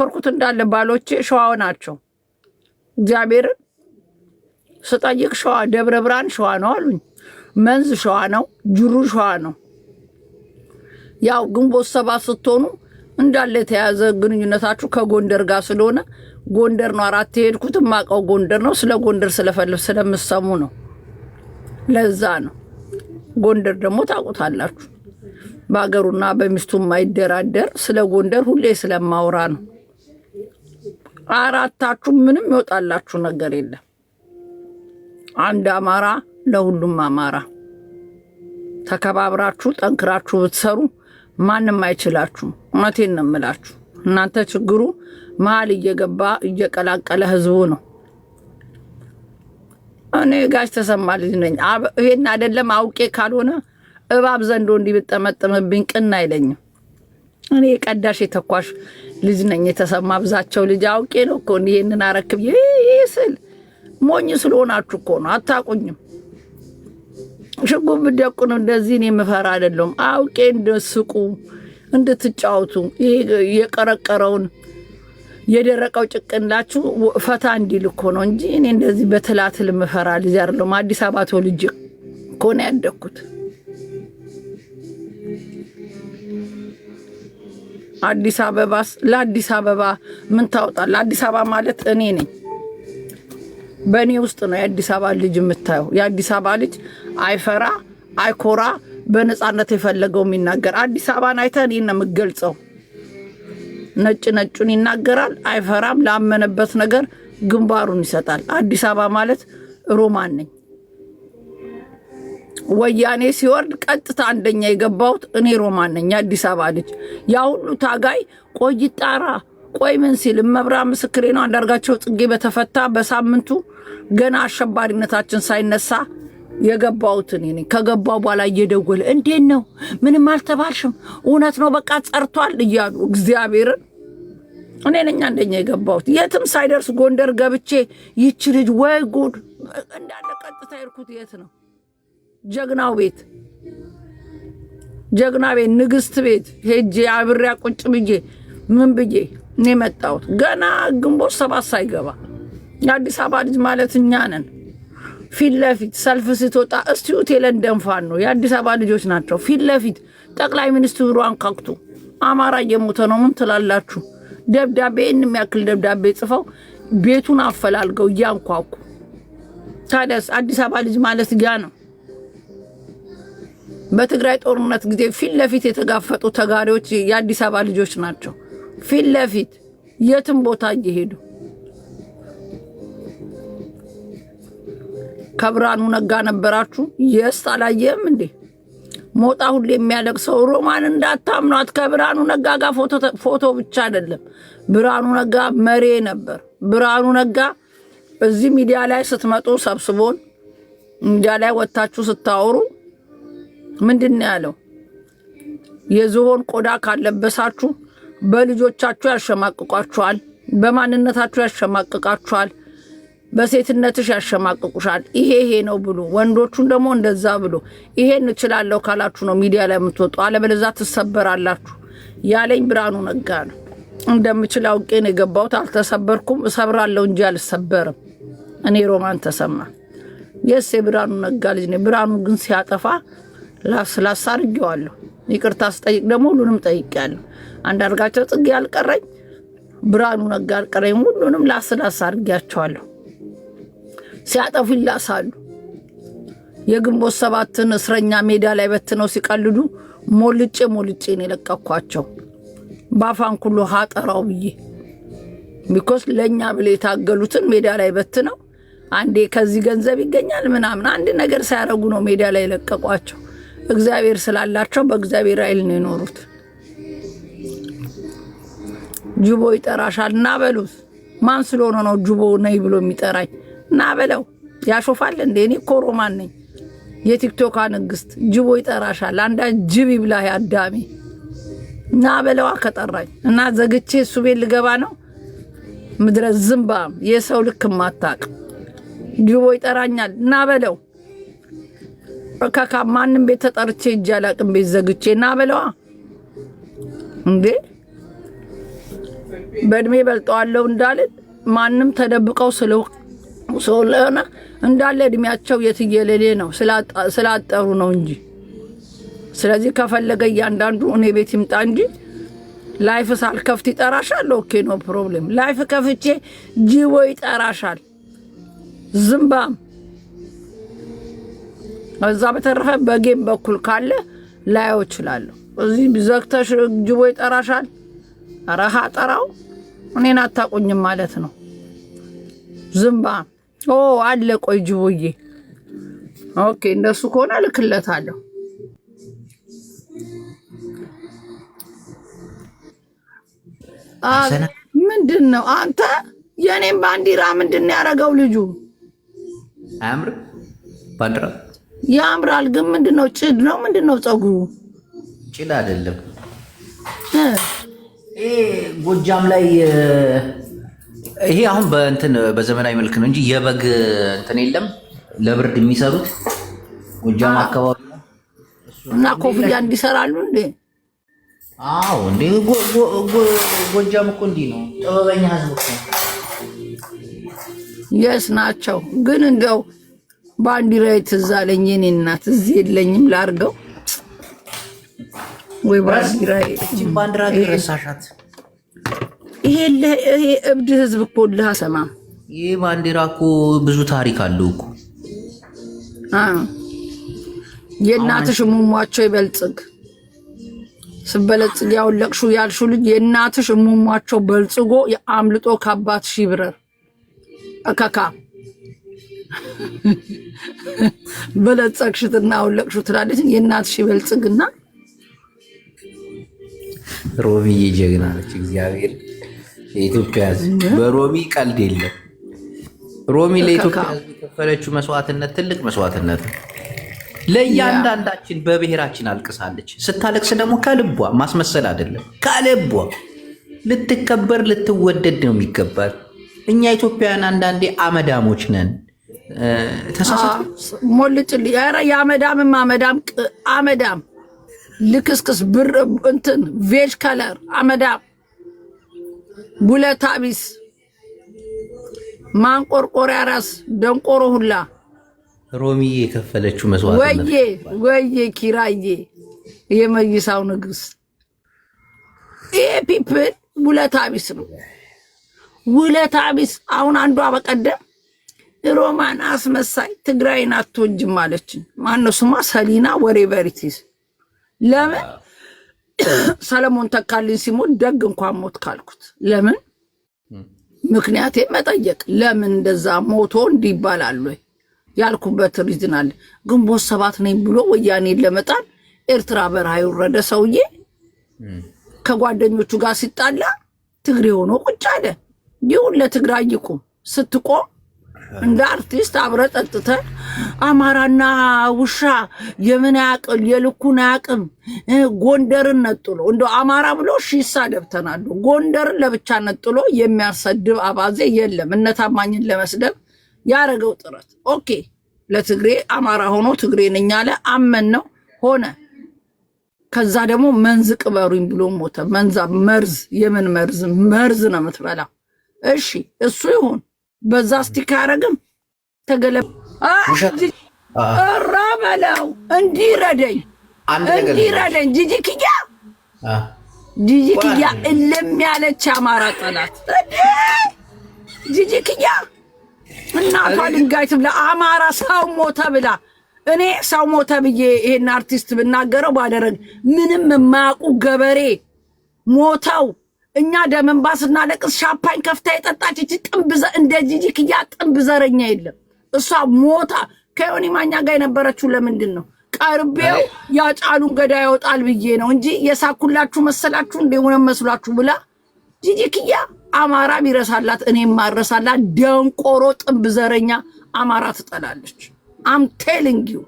የሞከርኩት እንዳለ ባሎቼ ሸዋ ናቸው። እግዚአብሔር ስጠይቅ ሸዋ ደብረ ብርሃን ሸዋ ነው አሉኝ። መንዝ ሸዋ ነው፣ ጅሩ ሸዋ ነው። ያው ግንቦት ሰባት ስትሆኑ እንዳለ የተያዘ ግንኙነታችሁ ከጎንደር ጋር ስለሆነ ጎንደር ነው አራት የሄድኩት። ማቀው ጎንደር ነው። ስለ ጎንደር ስለፈልፍ ስለምሰሙ ነው። ለዛ ነው። ጎንደር ደግሞ ታውቁታላችሁ። በሀገሩና በሚስቱ የማይደራደር ስለ ጎንደር ሁሌ ስለማውራ ነው። አራታችሁ ምንም ይወጣላችሁ ነገር የለም። አንድ አማራ ለሁሉም አማራ ተከባብራችሁ ጠንክራችሁ ብትሰሩ ማንም አይችላችሁ እውነቴን ነው የምላችሁ። እናንተ ችግሩ መሀል እየገባ እየቀላቀለ ህዝቡ ነው። እኔ ጋሽ ተሰማ ልጅ ነኝ። ይሄን አይደለም አውቄ ካልሆነ እባብ ዘንዶ እንዲህ ብጠመጥምብኝ ቅን አይለኝም። እኔ የቀዳሽ የተኳሽ ልጅ ነኝ። የተሰማ ብዛቸው ልጅ አውቄ ነው እኮ ይህንን አረክብ ይህ ስል ሞኝ ስለሆናችሁ እኮ ነው። አታቁኝም። ሽጉብ ብደቁ ነው እንደዚህ እኔ የምፈራ አይደለሁም። አውቄ እንደስቁ እንድትጫወቱ የቀረቀረውን የደረቀው ጭቅንላችሁ ፈታ እንዲል እኮ ነው እንጂ እኔ እንደዚህ በትላትል የምፈራ ልጅ አይደለሁም። አዲስ አበባ ተወልጄ እኮ ነው ያደግኩት። አዲስ አበባስ ለአዲስ አበባ ምን ታወጣል? አዲስ አበባ ማለት እኔ ነኝ። በእኔ ውስጥ ነው የአዲስ አበባ ልጅ የምታየው። የአዲስ አበባ ልጅ አይፈራ አይኮራ፣ በነፃነት የፈለገው የሚናገር አዲስ አበባን አይተህ እኔ ነው የምገልጸው። ነጭ ነጩን ይናገራል፣ አይፈራም። ላመነበት ነገር ግንባሩን ይሰጣል። አዲስ አበባ ማለት ሮማን ነኝ። ወያኔ ሲወርድ ቀጥታ አንደኛ የገባሁት እኔ ሮማን ነኝ፣ አዲስ አበባ ልጅ። ያ ሁሉ ታጋይ ቆይ ጣራ ቆይ ምን ሲል መብራ ምስክሬ ነው። አንዳርጋቸው ጽጌ በተፈታ በሳምንቱ ገና አሸባሪነታችን ሳይነሳ የገባሁት እኔ ነኝ። ከገባው በኋላ እየደወለ እንዴት ነው ምንም አልተባልሽም? እውነት ነው በቃ ጸርቷል እያሉ እግዚአብሔርን እኔ ነኝ አንደኛ የገባሁት። የትም ሳይደርስ ጎንደር ገብቼ ይች ልጅ ወይ ጉድ እንዳለ ቀጥታ የርኩት የት ነው ጀግናው ቤት ጀግና ቤት ንግስት ቤት ሄጄ አብሬ ቁጭ ብዬ ምን ብዬ እኔ መጣሁት ገና ግንቦት ሰባት ሳይገባ የአዲስ አበባ ልጅ ማለት እኛ ነን። ፊት ለፊት ሰልፍ ስትወጣ እስቲዩ ቴለንደንፋ ነው የአዲስ አበባ ልጆች ናቸው። ፊት ለፊት ጠቅላይ ሚኒስትሩ አንካክቱ አማራ እየሞተ ነው ምን ትላላችሁ? ደብዳቤ ይህን የሚያክል ደብዳቤ ጽፈው ቤቱን አፈላልገው እያንኳኩ ታዲያስ አዲስ አበባ ልጅ ማለት ያ ነው። በትግራይ ጦርነት ጊዜ ፊት ለፊት የተጋፈጡ ተጋሪዎች የአዲስ አበባ ልጆች ናቸው። ፊት ለፊት የትም ቦታ እየሄዱ ከብርሃኑ ነጋ ነበራችሁ። የስ አላየህም እንዴ? ሞጣ ሁሌ ሰው ሮማን እንዳታምኗት፣ ከብርሃኑ ነጋ ጋር ፎቶ ብቻ አይደለም። ብርሃኑ ነጋ መሬ ነበር። ብርሃኑ ነጋ እዚህ ሚዲያ ላይ ስትመጡ ሰብስቦን ሚዲያ ላይ ወጥታችሁ ስታወሩ ምንድን ነው ያለው? የዝሆን ቆዳ ካለበሳችሁ በልጆቻችሁ ያሸማቅቋችኋል፣ በማንነታችሁ ያሸማቅቃችኋል፣ በሴትነትሽ ያሸማቅቁሻል። ይሄ ይሄ ነው ብሎ ወንዶቹን ደግሞ እንደዛ ብሎ ይሄን እችላለሁ ካላችሁ ነው ሚዲያ ላይ የምትወጡ፣ አለበለዛ ትሰበራላችሁ። ያለኝ ብርሃኑ ነጋ ነው። እንደምችል አውቄ ነው የገባሁት። አልተሰበርኩም፣ እሰብራለሁ እንጂ አልሰበርም። እኔ ሮማን ተሰማ የስ የብርሃኑ ነጋ ልጅ ነኝ። ብርሃኑ ግን ሲያጠፋ ላስላስ አድርጌዋለሁ። ይቅርታ ስጠይቅ ደግሞ ሁሉንም ጠይቄያለሁ። አንዳርጋቸው ጽጌ ያልቀረኝ፣ ብርሃኑ ነጋ አልቀረኝ። ሁሉንም ላስላስ አድርጌያቸዋለሁ። ሲያጠፉ ይላሳሉ። የግንቦት ሰባትን እስረኛ ሜዳ ላይ በትነው ሲቀልዱ ሞልጬ ሞልጬን የለቀኳቸው ባፋን ኩሎ ሀጠራው ብዬ ቢኮስ ለእኛ ብለው የታገሉትን ሜዳ ላይ በትነው አንዴ ከዚህ ገንዘብ ይገኛል ምናምን አንድ ነገር ሳያደርጉ ነው ሜዳ ላይ የለቀቋቸው። እግዚአብሔር ስላላቸው በእግዚአብሔር ኃይል ነው የኖሩት። ጅቦ ይጠራሻል እና በሉት። ማን ስለሆነ ነው ጅቦ ነይ ብሎ የሚጠራኝ? እና በለው ያሾፋል እንዴ? እኔ እኮ ሮማን ነኝ፣ የቲክቶክ ንግስት። ጅቦ ይጠራሻል። አንዳ ጅብ ይብላ አዳሜ። እና በለዋ ከጠራኝ እና ዘግቼ እሱ ቤት ልገባ ነው። ምድረ ዝምባም የሰው ልክ ማታቅ ጅቦ ይጠራኛል እና በለው ከካ ማንም ቤት ተጠርቼ እጅ አላቅም። ቤት ዘግቼ ና በለዋ እንዴ በእድሜ በልጠዋለሁ እንዳልን ማንም ተደብቀው ስለሆነ እንዳለ እድሜያቸው የትየለሌ ነው፣ ስላጠሩ ነው እንጂ። ስለዚህ ከፈለገ እያንዳንዱ እኔ ቤት ይምጣ እንጂ ላይፍ ሳልከፍት ይጠራሻል። ኦኬ ኖ ፕሮብሌም። ላይፍ ከፍቼ ጂቦ ይጠራሻል ዝምባም እዛ በተረፈ በጌም በኩል ካለ ላየው እችላለሁ። እዚህ ዘግተሽ ጅቦ ይጠራሻል። ረሃ ጠራው እኔን አታቁኝም ማለት ነው። ዝምባ አለ። ቆይ ጅቦዬ፣ ኦኬ፣ እንደሱ ከሆነ እልክለታለሁ። ምንድን ነው አንተ? የእኔን ባንዲራ ምንድን ያደረገው ልጁ? አያምርም ባንዲራ ያምራል ግን ምንድነው? ጭድ ነው ምንድነው? ፀጉሩ ጭድ አይደለም። ይሄ ጎጃም ላይ ይሄ አሁን በእንትን በዘመናዊ መልክ ነው እንጂ የበግ እንትን የለም። ለብርድ የሚሰሩት ጎጃም አካባቢ እና ኮፍያ እንዲሰራሉ እንዴ? አዎ፣ እንዴ ጎጃም እኮ እንዲህ ነው። ጥበበኛ ህዝብ እኮ የስ ናቸው ግን እንደው ባንዲራዬ ትዝ አለኝ። እኔ እናት እዚህ የለኝም ላርገው ወይ ባንዲራዬ ባንዲራ ረሳሻት። ይሄ እብድ ህዝብ እኮ ልህ አሰማም። ይህ ባንዲራ እኮ ብዙ ታሪክ አለው እኮ የእናትሽ ሙሟቸው ይበልጽግ ስበለጽግ ያወለቅሹ ያልሹ ልጅ የእናትሽ ሙሟቸው በልጽጎ አምልጦ ከአባትሽ ይብረር እከካ በለጸግሽትና አውለቅሹ ትላለች። የእናትሽ ይበልጽግና ሮሚዬ ጀግና ነች። እግዚአብሔር የኢትዮጵያ በሮሚ ቀልድ የለም። ሮሚ ለኢትዮጵያ ሕዝብ የከፈለችው መስዋዕትነት ትልቅ መስዋዕትነት ነው። ለእያንዳንዳችን በብሔራችን አልቅሳለች። ስታለቅስ ደግሞ ከልቧ ማስመሰል አይደለም፣ ከልቧ ልትከበር ልትወደድ ነው የሚገባል። እኛ ኢትዮጵያውያን አንዳንዴ አመዳሞች ነን። ተሳሳተ ሞልጭልኝ። ኧረ የአመዳምማ አመዳም አመዳም ልክስክስ ብር እንትን ቬጅ ከለር አመዳም ጉለታ ቢስ ማንቆርቆሪያ ራስ ደንቆሮ ሁላ ሮሚዬ የከፈለችው መስዋዕት ወዬ ወዬ ኪራዬ የመይሳው ንግስ ይሄ ፒፕል ውለታ ቢስ ነው። ውለታ ቢስ አሁን አንዷ በቀደም ሮማን አስመሳይ ትግራይን አትወጅም አለችን። ማነው ስሟ? ሰሊና ወሬቨሪቲስ ለምን ሰለሞን ተካልኝ ሲሞት ደግ እንኳን ሞት ካልኩት ለምን ምክንያቴ መጠየቅ ለምን እንደዛ ሞቶ እንዲባላሉ ያልኩበት ሪዝን አለ። ግንቦት ሰባት ነኝ ብሎ ወያኔን ለመጣል ኤርትራ በረሃ የወረደ ሰውዬ ከጓደኞቹ ጋር ሲጣላ ትግሬ ሆኖ ቁጭ አለ። ይሁን ለትግራይ ይቁም ስትቆም እንደ አርቲስት አብረ ጠጥተ አማራና ውሻ የምን አያቅል የልኩን አያቅም። ጎንደርን ነጥሎ እንደ አማራ ብሎ ሺሳ ደብተናሉ ጎንደርን ለብቻ ነጥሎ የሚያሰድብ አባዜ የለም። እነታማኝን ለመስደብ ያደረገው ጥረት ኦኬ፣ ለትግሬ አማራ ሆኖ ትግሬ ነኝ አለ። አመን ነው ሆነ። ከዛ ደግሞ መንዝ ቅበሩኝ ብሎ ሞተ። መንዛ መርዝ፣ የምን መርዝ? መርዝ ነው የምትበላው እሺ እሱ ይሁን በዛ ስቲክ አረግም ተገለ ራ በለው እንዲረደኝ እንዲረደኝ ጂጂ ክያ ጂጂ ክያ እልም ያለች አማራ ጠላት ጂጂ ክያ እናቷ ድንጋይ ትብላ። አማራ ሰው ሞተ ብላ እኔ ሰው ሞተ ብዬ ይሄን አርቲስት ብናገረው ባደረግ ምንም የማያውቁ ገበሬ ሞተው እኛ ደምን ባስ ስናለቅስ ሻምፓኝ ከፍታ የጠጣች እቺ ጥንብዘ እንደ ጂጂ ክያ ጥንብ ዘረኛ የለም። እሷ ሞታ ከዮኒ ማኛ ጋር የነበረችው ለምንድን ነው? ቀርቤው ያጫሉን ገዳ ያወጣል ብዬ ነው እንጂ የሳኩላችሁ መሰላችሁ እንደሆነ መስሏችሁ ብላ ጂጂ ክያ አማራ ቢረሳላት እኔም ማረሳላት። ደንቆሮ ጥንብ ዘረኛ አማራ ትጠላለች። አም ቴሊንግ ዩ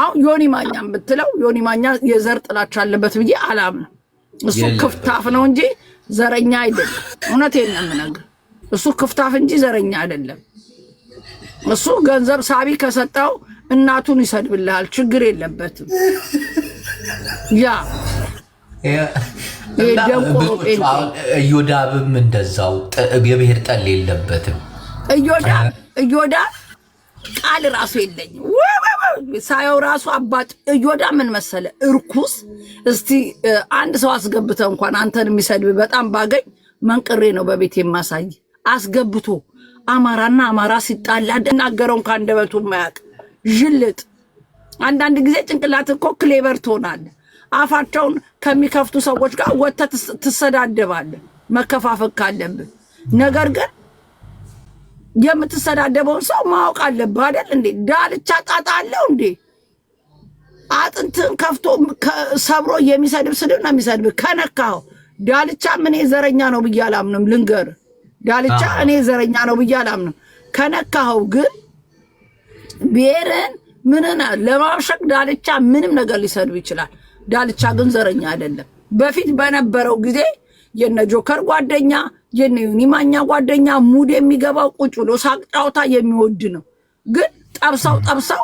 አሁን ዮኒ ማኛን ብትለው ዮኒ ማኛ የዘር ጥላቻ አለበት ብዬ አላምነው። እሱ ክፍታፍ ነው እንጂ ዘረኛ አይደለም። እውነት ነው የምነግርህ። እሱ ክፍታፍ እንጂ ዘረኛ አይደለም። እሱ ገንዘብ ሳቢ ከሰጠው እናቱን ይሰድብልሃል፣ ችግር የለበትም። ያ እዮዳብም እንደዛው የብሔር ጠል የለበትም። እዮዳብ እዮዳብ ቃል ራሱ የለኝም ሳየው ራሱ አባጭ እዮዳ ምን መሰለ እርኩስ። እስቲ አንድ ሰው አስገብተ እንኳን አንተን የሚሰድብ በጣም ባገኝ መንቅሬ ነው በቤት የማሳይ አስገብቶ አማራና አማራ ሲጣላ ደናገረውን ከአንደበቱ ማያቅ ዥልጥ። አንዳንድ ጊዜ ጭንቅላት እኮ ክሌበር ትሆናለህ። አፋቸውን ከሚከፍቱ ሰዎች ጋር ወጥተ ትሰዳደባለ። መከፋፈል ካለብህ ነገር ግን የምትሰዳደበውን ሰው ማወቅ አለብህ አይደል እንዴ? ዳልቻ ጣጣ አለው እንዴ? አጥንትን ከፍቶ ሰብሮ የሚሰድብ ስድብ ነው የሚሰድብ። ከነካው። ዳልቻ እኔ ዘረኛ ነው ብዬ አላምንም። ልንገር ዳልቻ እኔ ዘረኛ ነው ብዬ አላምንም። ከነካኸው ግን ብሔርን ምንን ለማብሸቅ ዳልቻ ምንም ነገር ሊሰድብ ይችላል። ዳልቻ ግን ዘረኛ አይደለም። በፊት በነበረው ጊዜ የነ ጆከር ጓደኛ የኔውን ማኛ ጓደኛ ሙድ የሚገባው ቁጭ ብሎ ሳቅ ጫወታ የሚወድ ነው። ግን ጠብሰው ጠብሰው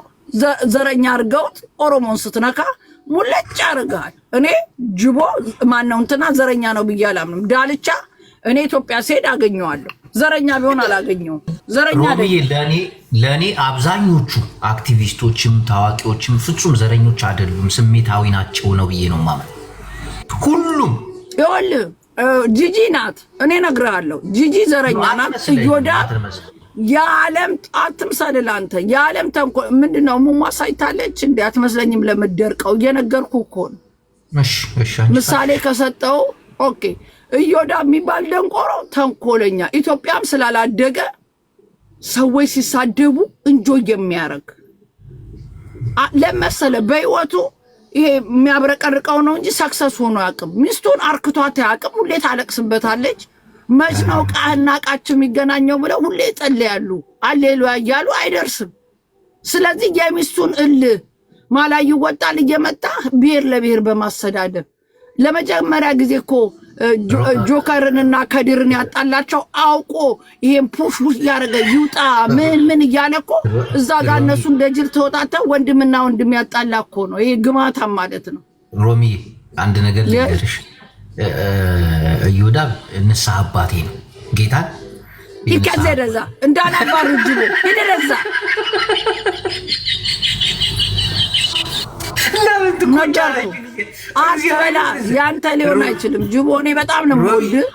ዘረኛ አርገውት ኦሮሞን ስትነካ ሙለጭ አርገሃል። እኔ ጅቦ ማነው እንትና ዘረኛ ነው ብዬ አላምንም። ዳልቻ እኔ ኢትዮጵያ ስሄድ አገኘዋለሁ። ዘረኛ ቢሆን አላገኘውም። ዘረኛ ለእኔ አብዛኞቹ አክቲቪስቶችም ታዋቂዎችም ፍጹም ዘረኞች አይደሉም፣ ስሜታዊ ናቸው ነው ብዬ ነው ማመን ሁሉም ይወልም ጂጂ ናት። እኔ ነግራለሁ። ጂጂ ዘረኛ ናት። እዮዳ የዓለም አትምሰል። ለአንተ የዓለም ተንኮ ምንድን ነው? ሙሟ ሳይታለች እንዲ አትመስለኝም። ለምደርቀው እየነገርኩ እኮ ምሳሌ ከሰጠው ኦኬ። እዮዳ የሚባል ደንቆሮ ተንኮለኛ፣ ኢትዮጵያም ስላላደገ ሰዎች ሲሳደቡ እንጆ የሚያደርግ ለመሰለ በህይወቱ ይሄ የሚያብረቀርቀው ነው እንጂ ሰክሰስ ሆኖ አያውቅም። ሚስቱን አርክቷት አያውቅም። ሁሌ ታለቅስበታለች። መች ነው ቃህና ቃቸው የሚገናኘው ብለው ሁሌ ይጸልያሉ፣ አሌሉያ እያሉ አይደርስም። ስለዚህ የሚስቱን እል ማላይ ይወጣል እየመጣ ብሔር ለብሔር በማሰዳደብ ለመጀመሪያ ጊዜ እኮ ጆከርንና ከድርን ያጣላቸው አውቆ ይሄን ፑሽ ውስጥ ያደረገ ይውጣ ምን ምን እያለ እኮ እዛ ጋር እነሱ እንደ ጅል ተወጣተ ወንድምና ወንድም ያጣላ እኮ ነው። ይሄ ግማታም ማለት ነው። ሮሚ አንድ ነገር ልንገርሽ፣ እዮዳብ ንስሐ አባቴ ነው። ጌታ ይከዘ ይከዘደዛ እንዳላባር ጅሎ ይደረዛ ለምን ትቆጫለሽ? አስበላ ያንተ ሊሆን አይችልም። ጅቦ እኔ በጣም ነው የምወድህ።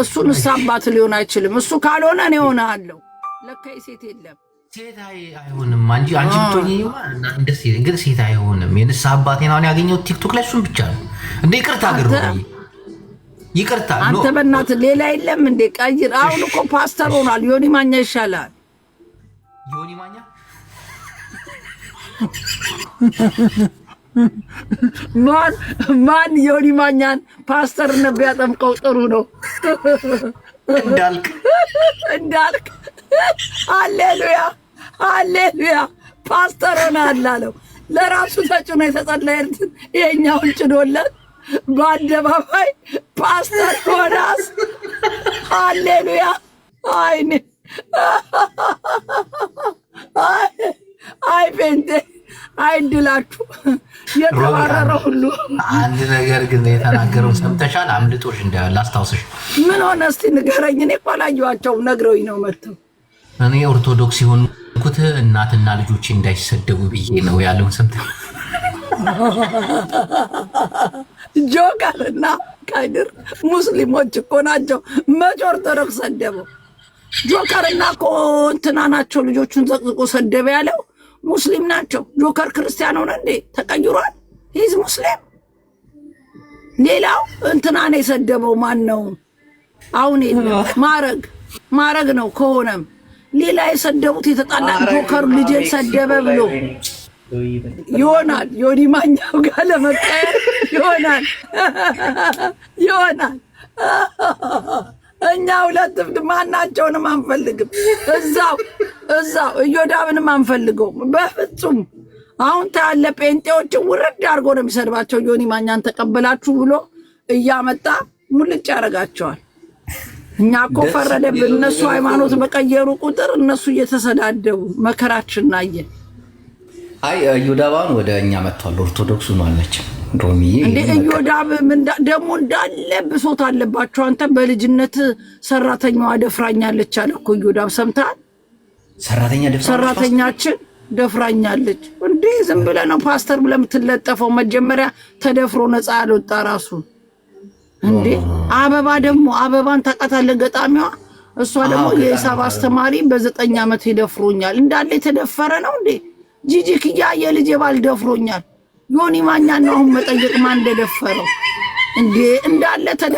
እሱን እሳባት ሊሆን አይችልም። እሱ ካልሆነ እኔ እሆናለሁ። ለካ ሴት የለም ሴት አይሆንም። አንቺ አንቺ ብትሆኚ ግን ሴት አይሆንም። የንስሐ አባቴን አሁን ያገኘሁት ቲክቶክ ላይ እሱን ብቻ ነው እንደ ይቅርታ ግር ይቅርታ አንተ በእናትህ ሌላ የለም እንዴ? ቀይር። አሁን እኮ ፓስተር ሆኗል። ዮኒ ማኛ ይሻላል። ዮኒ ማኛ ማን ማን ዮኒ ማኛን ፓስተርነት ቢያጠምቀው ጥሩ ነው እንዳልክ እንዳልክ። ሃሌሉያ ሃሌሉያ። ፓስተር ሆነ አላለው ለራሱ ተጭኖ የተጸለየልን ይሄኛውን ጭኖለን በአደባባይ ፓስተር ሆናስ። ሃሌሉያ አይኔ አይ ፔንቴ አይድላችሁ የተባረረ ሁሉ አንድ ነገር ግን የተናገረው ሰምተሻል? አምልጦሽ እንዳለ ላስታውስሽ። ምን ሆነ እስቲ ንገረኝ። እኔ እኮ አላየኋቸውም፣ ነግረውኝ ነው መጥተው። እኔ ኦርቶዶክስ የሆንኩት እናትና ልጆች እንዳይሰደቡ ብዬ ነው ያለውን ሰምተ ጆከር እና ሙስሊሞች እኮ ናቸው። መች ኦርቶዶክስ ሰደበው? ጆከርና እኮ እንትና ናቸው። ልጆቹን ዘቅዝቆ ሰደበ ያለው ሙስሊም ናቸው። ጆከር ክርስቲያን ሆነ እንዴ? ተቀይሯል። ሂዝ ሙስሊም። ሌላው እንትናን የሰደበው ማን ነው? አሁን ማረግ ማረግ ነው ከሆነም ሌላ የሰደቡት የተጣላ ጆከር ልጄን ሰደበ ብሎ ይሆናል ዮኒ ማኛው ጋር ለመቀየር ይሆናል ይሆናል። እኛ ሁለት ማናቸውንም አንፈልግም እዛው እዛ እዮዳብን አንፈልገውም በፍጹም። አሁን ታለ ጴንጤዎችን ውርድ አድርጎ ነው የሚሰድባቸው። ዮኒ ማኛን ተቀበላችሁ ብሎ እያመጣ ሙልጭ ያደርጋቸዋል። እኛ እኮ ፈረደብን። እነሱ ሃይማኖት በቀየሩ ቁጥር እነሱ እየተሰዳደቡ መከራችን ናየ። አይ እዮዳባን ወደ እኛ መጥቷል። ኦርቶዶክሱ ማለች እዮዳብ ደግሞ እንዳለ ብሶት አለባቸው። አንተ በልጅነት ሰራተኛዋ ደፍራኛለች አለ እኮ እዮዳብ ሰምተሃል? ሰራተኛ ሰራተኛችን ደፍራኛለች። እንዴ? ዝም ብለህ ነው ፓስተር ብለህ የምትለጠፈው? መጀመሪያ ተደፍሮ ነፃ ያልወጣ ራሱ እንዴ! አበባ ደግሞ አበባን ታውቃታለህ? ገጣሚዋ እሷ ደግሞ የሂሳብ አስተማሪ በዘጠኝ ዓመት ይደፍሮኛል እንዳለ የተደፈረ ነው እንዴ? ጂጂ ክያ የልጅ ባል ደፍሮኛል። ዮኒ ማኛ ነው አሁን መጠየቅ ማን እንደደፈረው እንዴ? እንዳለ ተደ